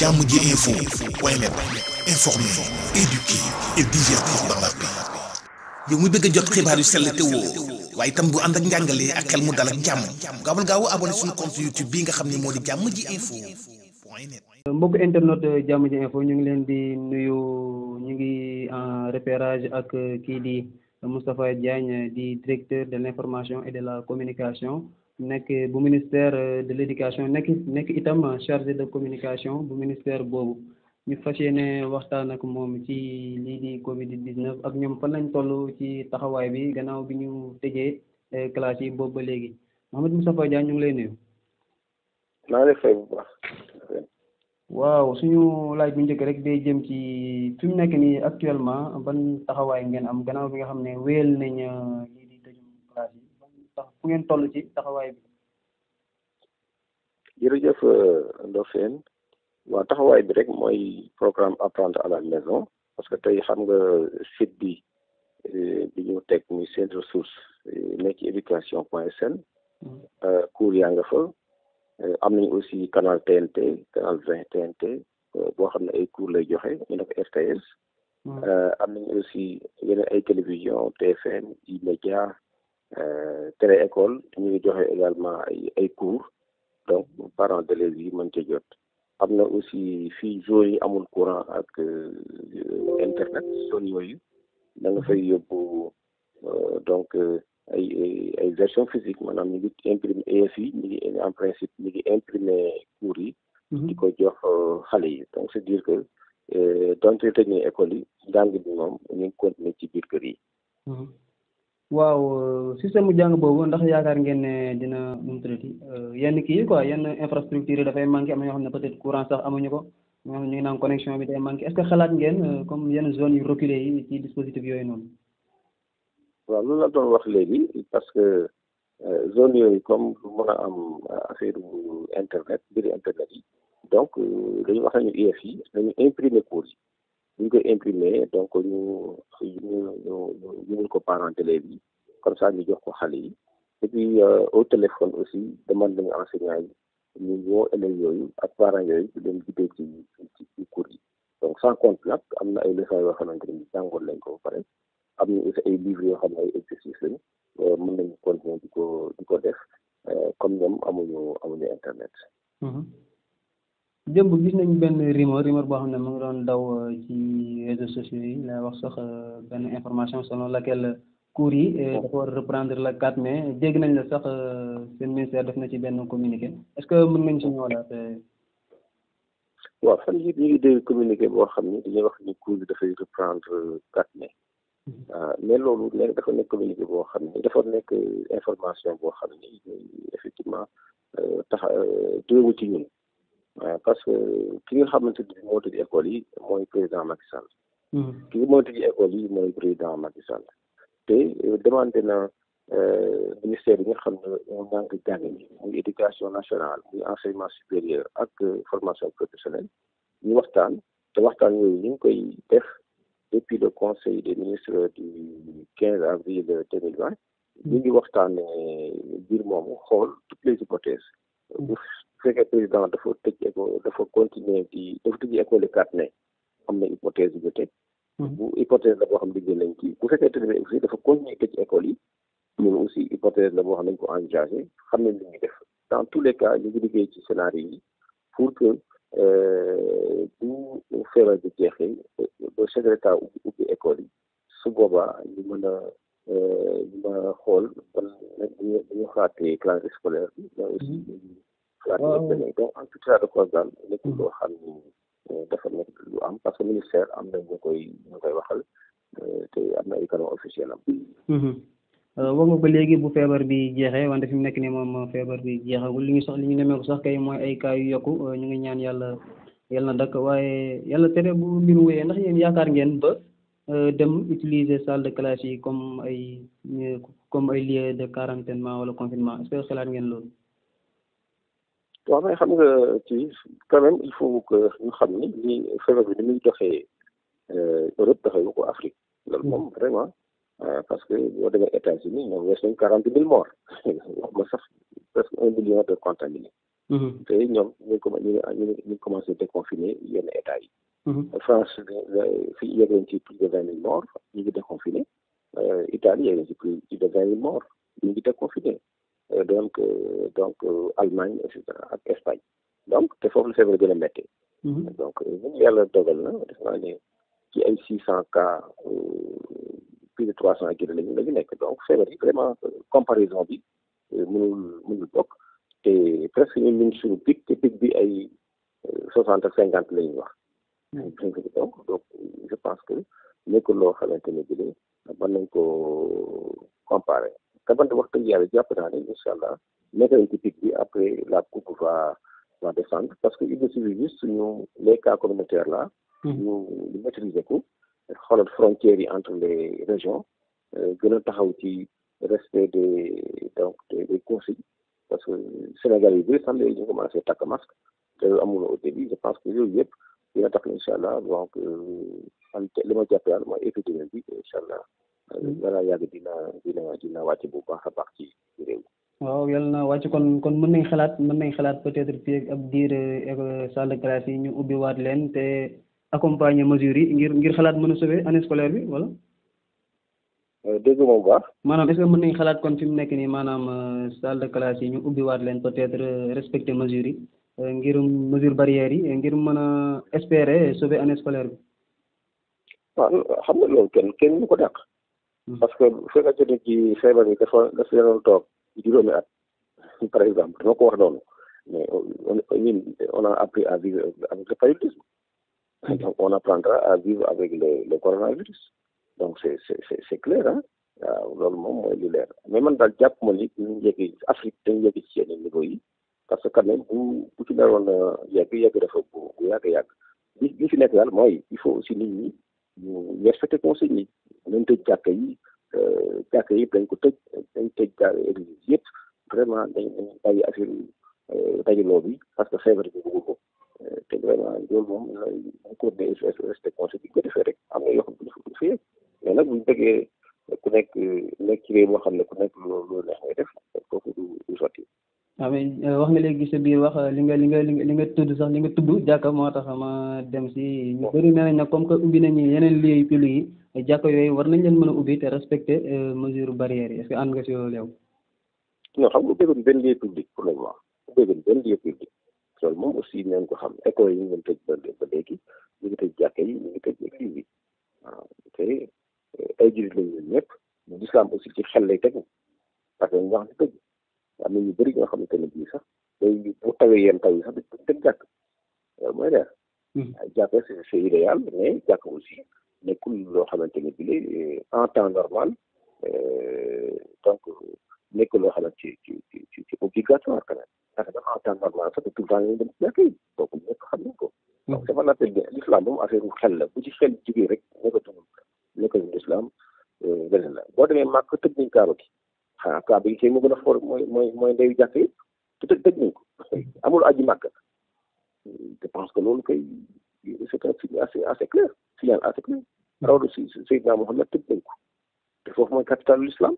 jàmm ji info point net informer, éduquer et divertir dans la yow mi bëgg a jot xibaar yu sell te woo waaye itam bu ànd ak njàngalee ak xel mu dal ak jàmm gaawal gaaw abonné suñu compte YouTube bii nga xam ne moo di jàmm ji info point net. mbokk internet jàmm ji info ñu ngi leen di nuyu ñu ngi en repérage ak kii di Moustapha Diagne di directeur de l'information et de la communication. nekk bu ministère euh, de l'éducation nekk nekk itam chargé de communication bu ministère boobu ñu fas ne waxtaan ak moom ci lii di Covid 19 ak ñoom fan nañ toll ci taxawaay bi gannaaw bi ñu tegee euh, classe yi boobu ba léegi Mouhamed Moustapha Diagne ñu ngi lay nuyu. waaw suñu laaj bu njëkk rek day jëm ci fi mu nekk nii actuellement ban taxawaay ngeen am gannaaw bi nga xam ne wéyal nañ. Euh, fu ngeen toll ci taxawaay bi. jërëjëf euh, Ndofène waaw taxawaay bi rek mooy programme apprendre à la maison parce que tey xam nga site bi euh, bi ñu teg muy seen ressource euh, nekk ci éducation point sn mm-hmm. cours yaa nga fa am nañu aussi canal TNT canal 20 TNT boo xam ne ay cours lay joxe ñu ne ko RTS mm-hmm. am nañu aussi yeneen ay télévision TFM i Euh, télé école ñu ngi joxe également ay ay cours donc parents d'élèves yi mën ca jot am na aussi fii zone yi amul courant ak euh, internet zone yooyu da fa fay yóbbu euh, donc ay ay version physique maanaam ñu ngi imprimer EFI ñu ngi en principe ñu ngi imprimer cours yi mm-hmm. di ko jox xale yi donc c'est dire que donte tëj nañ école yi njàng bi moom ñu ngi continuer ci biir kër yi mm-hmm. waaw euh, système mu jàng boobu ndax yaakaar ngeen ne dina nu mu tuddati euh, yenn kii yi quoi yenn infrastructure yi dafay manqué am na ñoo xam ne peut être courant sax amuñu ko ñoo xam ne ñu ngi naan connexion bi day manqué est ce que xalaat ngeen euh, comme yenn zone yu reculé yi ci dispositif yooyu noonu. waaw loolu la doon wax léegi parce que zone yooyu comme du am affaire internet mbiri internet yi donc dañu wax nañu UF yi dañu imprimer cours yi. bu ñu koy imprimer donc ñu ñu ñu ñu ko parents d'élèves yi comme ça ñu jox ko xale yi et puis euh, au téléphone aussi demande nañu enseignants yi ñu woo élèves yooyu ak parents yooyu di leen guider ci ci ci cours yi donc sans compte nag am na ay leçons yoo xamante ne jàngoon lañ ko ba pare am na aussi ay xam ne ay exercices lañ euh, mën nañu continuer di ko di ko def euh, comme ñoom amuñu amuñu internet. Mm-hmm. démb gis nañ benn rumeur rumeur boo xam ne mu ngi doon daw euh, ci réseaux sociaux yi la wax sax euh, benn information selon laquelle euh, cours yi dafa war reprendre le 4 mai dégg nañ la sax seen ministère def na ci benn communiqué est-ce que mën nañ si ñëwalaat waaw fan yii ñu ngi dégg communiqué boo xam ne dañuy wax ni cours yi dafay reprendre 4 mm-hmm. ah, mais loolu léegi dafa nekk communiqué boo xam ne dafa nekk information boo xam ne effectivement tax déewu ci Euh, parce que ki nga xamante ni moo tëj école yi mooy président Macky Sall. Hmm. ki moo tëj école yi mooy président Macky Sall. te euh, demandé na euh, ministère yi nga xam ne moom daa ngi jàng ñi muy éducation nationale muy enseignement supérieur ak formation professionnelle ñu waxtaan te waxtaan yooyu ñu ngi koy def depuis le conseil des ministres du 15 avril 2020. Hmm. ñu ngi waxtaan mbir moomu xool toutes les hypothèses. Hmm. su fekkee président dafa tëj école dafa continuer di dafa tëj école yi kat ne am na hypothèse yu ñu mhm. bu hypothèse la boo xam liggéey nañ ci bu fekkee tëj aussi dafa continuer tëj école yi ñun aussi hypothèse la boo xam nañ ko envisagé xam nañ li ñuy def dans tous les cas ñu ngi liggéey ci scénario yi pour que euh, bu feebar bi jeexee ba chef l'État ubbi ubbi école yi su boobaa ñu mën a euh, ñu mën a xool ban dañu dañu xaatee classe xalaat na beneen hmm. euh, parce que ministère am na ñu koy ñu koy waxal euh, te am na ay hmm. euh, léegi bu feebar bi jeexee wante fi mu nekk nii moom moom feebar bi jeexagul li ñu sox li ñu nemee ko sax kay mooy ay cas yokku ñu ngi ñaan yàlla yàlla dakk waaye yàlla tere bu mbir wéyee ndax yéen yaakaar ngeen ba dem utiliser salle de classe yi comme ay comme ay lieu de quarantainement wala confinement est-ce que xalaat ngeen loolu waaw mais xam nga ci quand même il faut que ñu xam ni ni feebar bi ni muy doxee euh, Europe doxewu ko Afrique loolu moom mm. vraiment euh, parce que boo demee États-Unis ñoom wees nañ quarante mille morts sax presque un million de contaminés mm-hmm. te ñoom ñu ngi ñu commencé déconfiné yenn état yi mm-hmm. France fi yegg nañ ci plus de vingt mille morts ñu ngi déconfiné euh, Italie yegg nañ ci plus de vingt mille morts ñu ngi déconfiné Euh, donc euh, donc euh, Allemagne et cetera ak Espagne donc te foofu la feebar gën a métti mm-hmm. donc ñun yàlla dogal na def naa ne ci ay six cent cas plus de trois cent ak la la ñu nekk donc feebar yi vraiment comparaison bi mënul mënul bokk te presque ñun ñu ngi suñu te pic bi ay soixante ak cinquante la ñuy wax mm-hmm. donc donc je pense que nekkul loo xamante ne bi mën nañ ko comparer te man de wax dëgg yàlla jàpp naa ne incha allah météo bi après la coupe va va descendre parce que il nous suffit juste ñu les cas communautaires là. ñu ñu maîtriser ko. yi entre les régions gën taxaw ci respect des donc des consignes parce que Sénégal yi bëri sax léegi takk masque te amul au début je pense que yooyu yëpp dina tax incha donc man li ma jàpp daal mooy épidémie bi incha balaa yàgg dina dina dina wàcc bu baax a baax ci réew waaw yal na wàcc kon kon mën nañ xalaat mën nañ xalaat peut-être fii ak ab diir eh, eh, salle de classe yi ñu ubbiwaat leen te accompagner mesures yi ngir ngir xalaat mën a sauver année scolaire bi wala euh, dégg nga baax. maanaam est mën nañ xalaat kon fi mu nekk nii maanaam euh, salle de classe yi ñu ubbiwaat leen peut-être euh, respecter mesures yi ngir mesure barrières yi ngir mën a espérer sauver année scolaire bi. xam parce que bu fekkee ne ci feebar bi dafa dafa yoroon toog juróomi at par exemple dama ko wax noonu mais ñun on a appris à vivre avec le mm-hmm. on apprendra à vivre coronavirus donc c'est c'est c'est clair ah waaw loolu moom mooy li leer mais man daal jàpp ma ni ñu yegg Afrique dañu yegg ci yenn niveau yi parce que quand même bu bu ci naroon yegg yegg dafa bu bu yàgg yàgg bi bi nekk daal mooy il faut aussi nit ñi ñu respecter consignes yi nañ tëj jàkka yi jàkka yëpp dañ ko tëj dañ tëj église yëpp vraiment dañ dañ bàyyi affaire dajaloo bi parce que feebar bi bëggu ko te vraiment loolu moom dañ ko ne respect conseil bi ñu ko defee rek am na yoo xam ne duñ fi yëg mais nag buñ ku nekk nekk ci réew moo xam ne ku nekk loolu loolu neex ngay def Euh, wax nga léegi sa biir wax euh, li nga li nga li nga tudd sax li nga tudd jàkka moo tax ma dem si ñu bëri nee nañ nag que ubbi nañu yeneen lieux publics yi jàkka yooyu war nañ leen mën a ubbi te respecter euh, mesure barrière yi est-ce que le moment ubbeeguñ benn lieu public loolu moom aussi nañ ko xam école yi ñu ngi tëj ba ba léegi ñu ngi tëj jàkka yi ñu ngi tëj église yi waaw ah, te ay jullit lañ ñun ñëpp l'islam aussi ci xel lay tegu parce que ñu wax dëgg am na ñu bëri ñoo xamante ne bii sax day tawee yenn taw yi sax dañ ko dem jàkk loolu mooy leer. Hmm. jàkk c'est idéal mais jàkk aussi nekkul loo xamante ne euh, en temps normal euh, donc nekk loo xamante ci ci ci ci obligatoire quand même parce que en temps normal sax tu le temps ñu dem ci jàkk yi donc ñëpp xam nañ ko. Hmm. donc dafa laajte bien l'islam bu xel la bu ci xel jugee rek nekkatul nekkatul islam euh, beneen la boo demee màkk tëj nañ kaaba gi. xanaa kaa bi gisee mu mooy mooy mooy ndeyu jàkk yëpp te tëj tëj nañ ko amul aji màkk je pense que loolu kay c'est un signe assez assez clair signal assez clair rawdu si Seydina Mohamed tëj nañ ko te mooy capitalu l'islam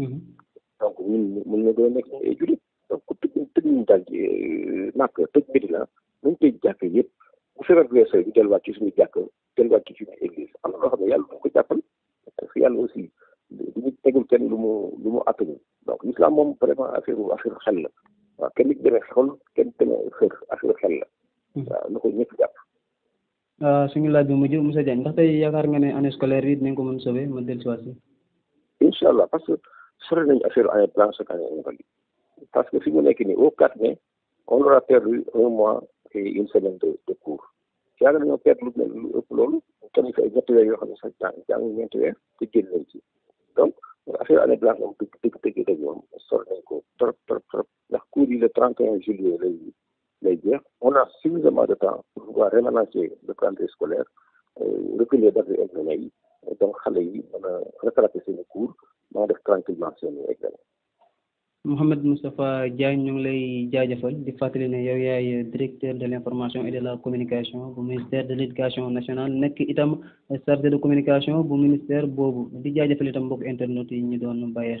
mm-hmm. donc ñun mën na gën a nekk ñu ay jullit donc tëj tëj nañ daal euh, màkk tëj Medina nañ tëj jàkk yëpp bu fekkee weesoo ñu delluwaat ci suñu jàkk lu mu lu mu attanu donc l'islam moom vraiment affaire affaire xel la waaw kenn nit demee xol kenn demee xër affaire xel la hmm. waaw na ko ñëpp jàpp euh, suñu laaj bi mujj monsieur Diagne ndax tey yaakaar nga ne année scolaire yi dinañ ko parce que sore fi mu nekk nii au 4 mai on aura perdu un mois et une loolu tamit yoo xam ne sa jàng jàng ñeenti weer te génn nañ ci affaire année blanche moom dëgg dëgg dëgg dëgg moom sori nañ ko trop trop trop ndax cours yi le 31 on a suffisamment de temps pour pouvoir relancer le calendrier scolaire euh, reculer date examen xale yi mën a rattraper seen cours mën a def tranquillement seen Mouhamed Moustapha Diagne ñu lay jaajëfal di fàttali ne yow yaay directeur de l' information et de la communication bu ministère de l' éducation nationale nekk itam chargé de communication bu ministère boobu di jaajëfal itam mbokk internet yi ñu doon bàyyee